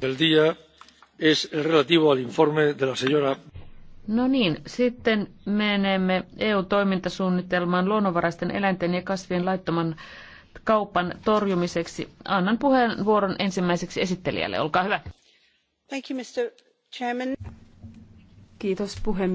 del día es el relativo al informe de la señora. No niin, sitten menemme EU-toimintasuunnitelmaan luonnonvaraisten eläinten ja kasvien laittoman kaupan torjumiseksi. Annan puheenvuoron ensimmäiseksi esittelijälle. Olkaa hyvä. Thank you, Mr. Chairman. Kiitos puhemies.